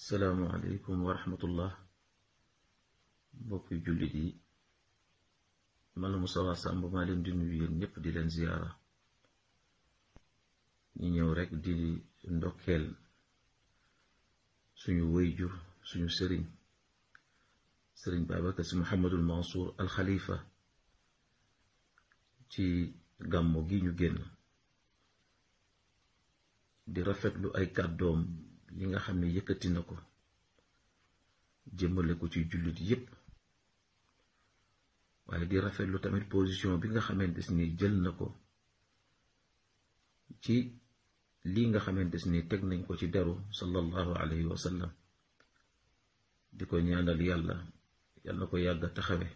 salaamualeykum wa rahmatullah mbokki jullit yi man la Moustapha Samb maa leen di nuyu yéen ñëpp di leen ziyaara ñu ñëw rekk di ndokkeel suñu wayjur suñu sëriñ sëriñ Babacar Si Mouhamadul Mansour al Khalifa ci gàmmu gi ñu génn di rafetlu ay kàddoom yi nga xam ne yëkkati na ko jëmale ko ci jullit yépp waaye di rafetlu tamit position bi nga xamante ni jël na ko ci lii nga xamante ni teg nañ ko ci deru sallallahu alayhi wa di ko ñaanal yàlla yàlla ko yàgg taxawe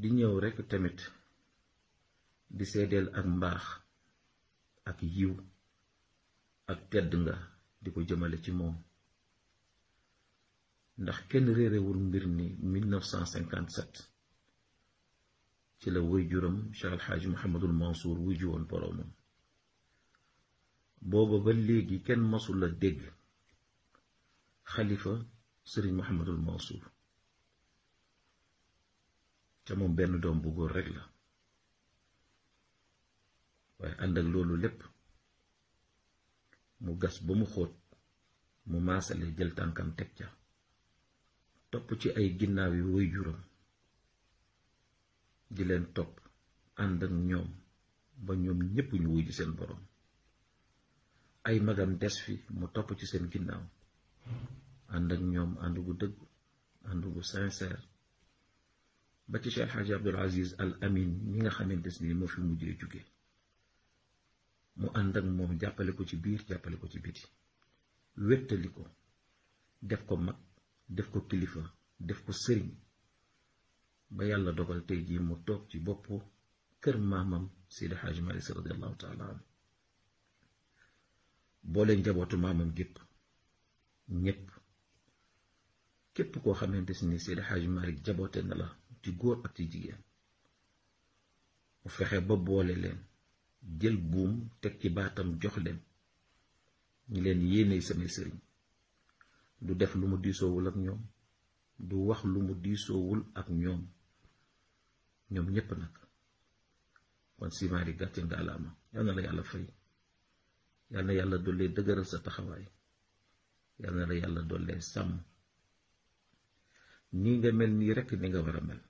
di ñëw rekk tamit di seedeel ak mbaax ak yiw ak tedd nga di ko jëmale ci moom ndax kenn réerewul mbir ni 1957 ci la wuy juram Cheikh El Hadj Mouhamadul Mansour wuy ju woon boroomam booba ba léegi kenn masul la dégg xalifa sëriñ Mouhamadul Mansour ca moom benn doom bu góor rekk la waaye ànd ak loolu lépp mu gas ba mu xóot mu maasalee jël tànkam teg ca topp ci ay ginnaaw yi woy juróom di leen topp ànd ak ñoom ba ñoom ñépp ñu wuy ji seen boroom ay magam des fi mu topp ci seen ginnaaw ànd ak ñoom ànd gu dëgg ànd gu sincère ba ci Cheikh Hadji Abdoul Aziz Al Amin ñi nga xamante ni moo fi mujjee jóge mu ànd ak moom jàppale ko ci biir jàppale ko ci biti wéttali ko def ko mag def ko kilifa def ko sëriñ ba yàlla dogal tey jii mu toog ci boppu kër maamam Seydi Hadji Malick Sy radiyallahu taala boole njabootu maamam gépp ñépp képp koo xamante si ni Seydi Hadji jaboote na la ci góor ak ci jigéen mu fexe ba boole leen jël buum teg ci baatam jox leen ñi leen yéene samay sëriñ du def lu mu diisoowul ak ñoom du wax lu mu diisoowul ak ñoom ñoom ñépp nag kon simaari gàcce nga alaama yal na la yàlla fay yal na yàlla dollee dëgëral sa taxawaay yal na la yàlla dollee sàmm nii nga mel nii rekk ni nga war a mel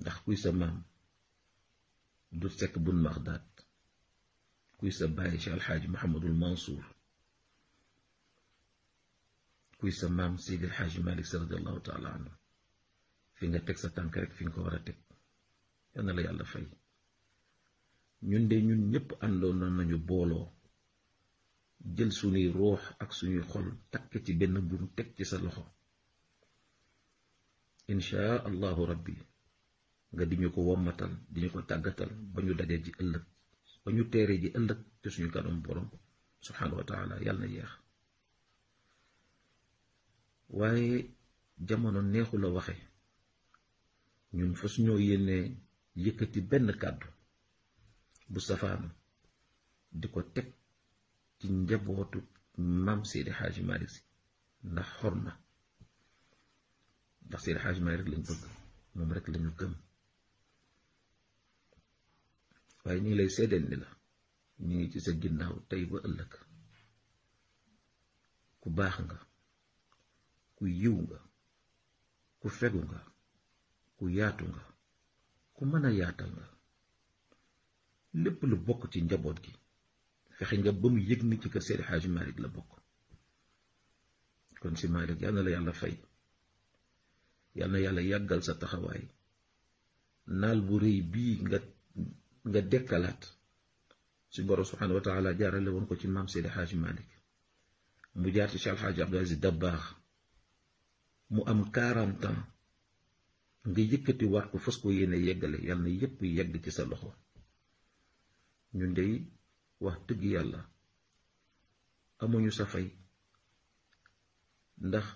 ndax kuy sa maam du sekk bun maxdaat kuy sa bàyyi ci alxaaji Mouhamadul Mansour kuy sa maam Seydi alxaaji Malik Si radiallahu taala anhu fi nga teg sa tànk rek fi nga ko war a teg yal la yàlla fay ñun de ñun ñëpp àndoon nañu booloo jël suñuy roox ak suñuy xol takk ci benn buum teg ci sa loxo inchaa allahu rabbi nga di ñu ko wommatal di ñu ko tàggatal ba ñu dajee ji ëllëg ba ñu teeree ji ëllëg te suñu kanam borom subhaanahu wa taala yàlla na yeex waaye jamono neexu la waxe ñun fas ñoo yéene yëkkati benn kàddu bu safaanu di ko teg ci njabootu maam Seydi Xaaji Malick si ndax xorma ndax Seydi Xaaji Malick rek lañ bëgg moom rek lañu gëm waaye ñu ngi lay seedeel ni la ñu ngi ci sa ginnaaw tey ba ëllëg ku baax nga ku yiw nga ku fegu nga ku yaatu nga ku mën a yaatal nga lépp lu bokk ci njaboot gi fexe nga ba mu yëg ni ci kër Seydi Hadji Malick la bokk kon si Malick yal na la yàlla fay yal na yàlla yàggal sa taxawaay naal bu rëy bii nga nga dekkalaat suñ borom subhanahu wa jaarale woon ko ci maam Seydi Xaaji Malick mu jaar ci Cheikh Alxaaji Abdou Aziz mu am 40 ans nga yëkkati waat fas ko yéene yeggale yàlla na yépp yegg ci sa wax dëgg yàlla amuñu sa fay ndax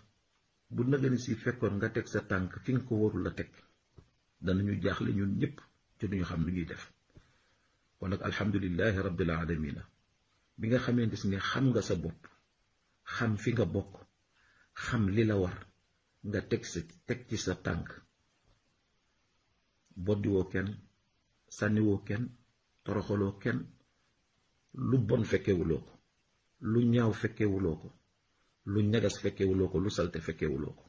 bu nagani si fekkoon nga teg sa tànk fi nga ko warul a teg danañu jaaxle ñun ñëpp ci duñu xam lu ñuy def kon nag alhamdulilahi rabbil alamin bi nga xamante ne xam nga sa bopp xam fi nga bokk xam li la war nga teg sa teg ci sa tànk boddiwoo kenn sànniwoo kenn toroxaloo kenn lu bon fekkewuloo ko lu ñaaw fekkewuloo ko lu ñagas fekkewuloo ko lu salte fekkewuloo ko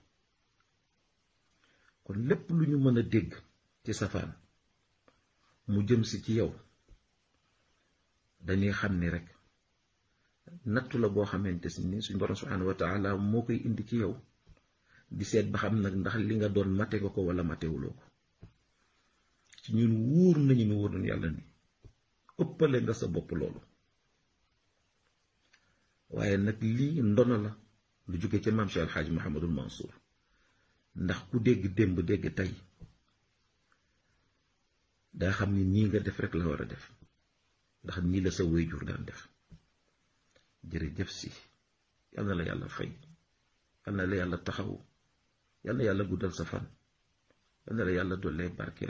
kon lépp lu ñu mën a dégg ci safaan mu jëm si ci yow dañuy xam ni rek nattu la boo xamante ni suñ borom subhanahu wa taala moo koy indi ci yow di seet ba xam nag ndax li nga doon mate ko ko wala matewuloo ko ci ñun wóor nañu ni wóor yàlla ni ëppale nga sa bopp loolu waaye nag lii ndono la lu jóge ca maam Cheikh Alxaaji Mahamadul Mansour ndax ku dégg démb dégg tey daa xam ni nii nga def rek la war a def ndax nii la sa wéyjur daan def jërëjëf si yàlla la yàlla fay yal na la yàlla taxawu yal yàlla guddal sa fan na la yàlla dollee barke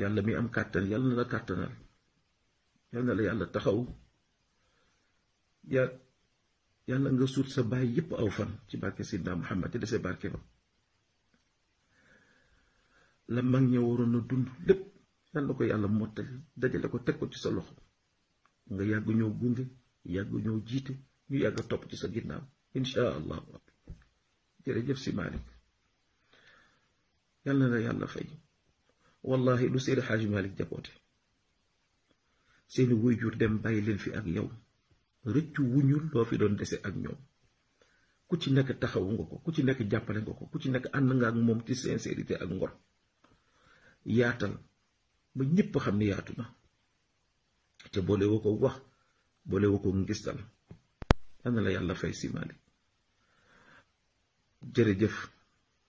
yàlla mi am kàttan yal na la kàttanal yal na la yàlla taxawu yàlla nga suut sa baay yépp aw fan ci barke xam Muhammad te dese barke ba la mag ña waroon a dund lépp yal na ko yàlla mottali dajale ko teg ko ci sa loxo nga yàgg ñoo gunge yàgg ñoo jiite ñu yàgg topp ci sa ginnaaw insha allahu rabbi jërëjëf si Malick yal na la yàlla fay wallahi lu Seydi Xaaji Malick jaboote seeni waajur dem bàyyi leen fi ak yow rëccu ñu loo fi doon dese ak ñoom ku ci nekk taxawu nga ko ku ci nekk jàppale nga ko ku ci nekk ànd nga ak moom ci sincérité ak ngor yaatal ba ñëpp xam ne yaatu na te boole woo ko wax boole woo ko ngistal ana la yàlla fay si Malick jërëjëf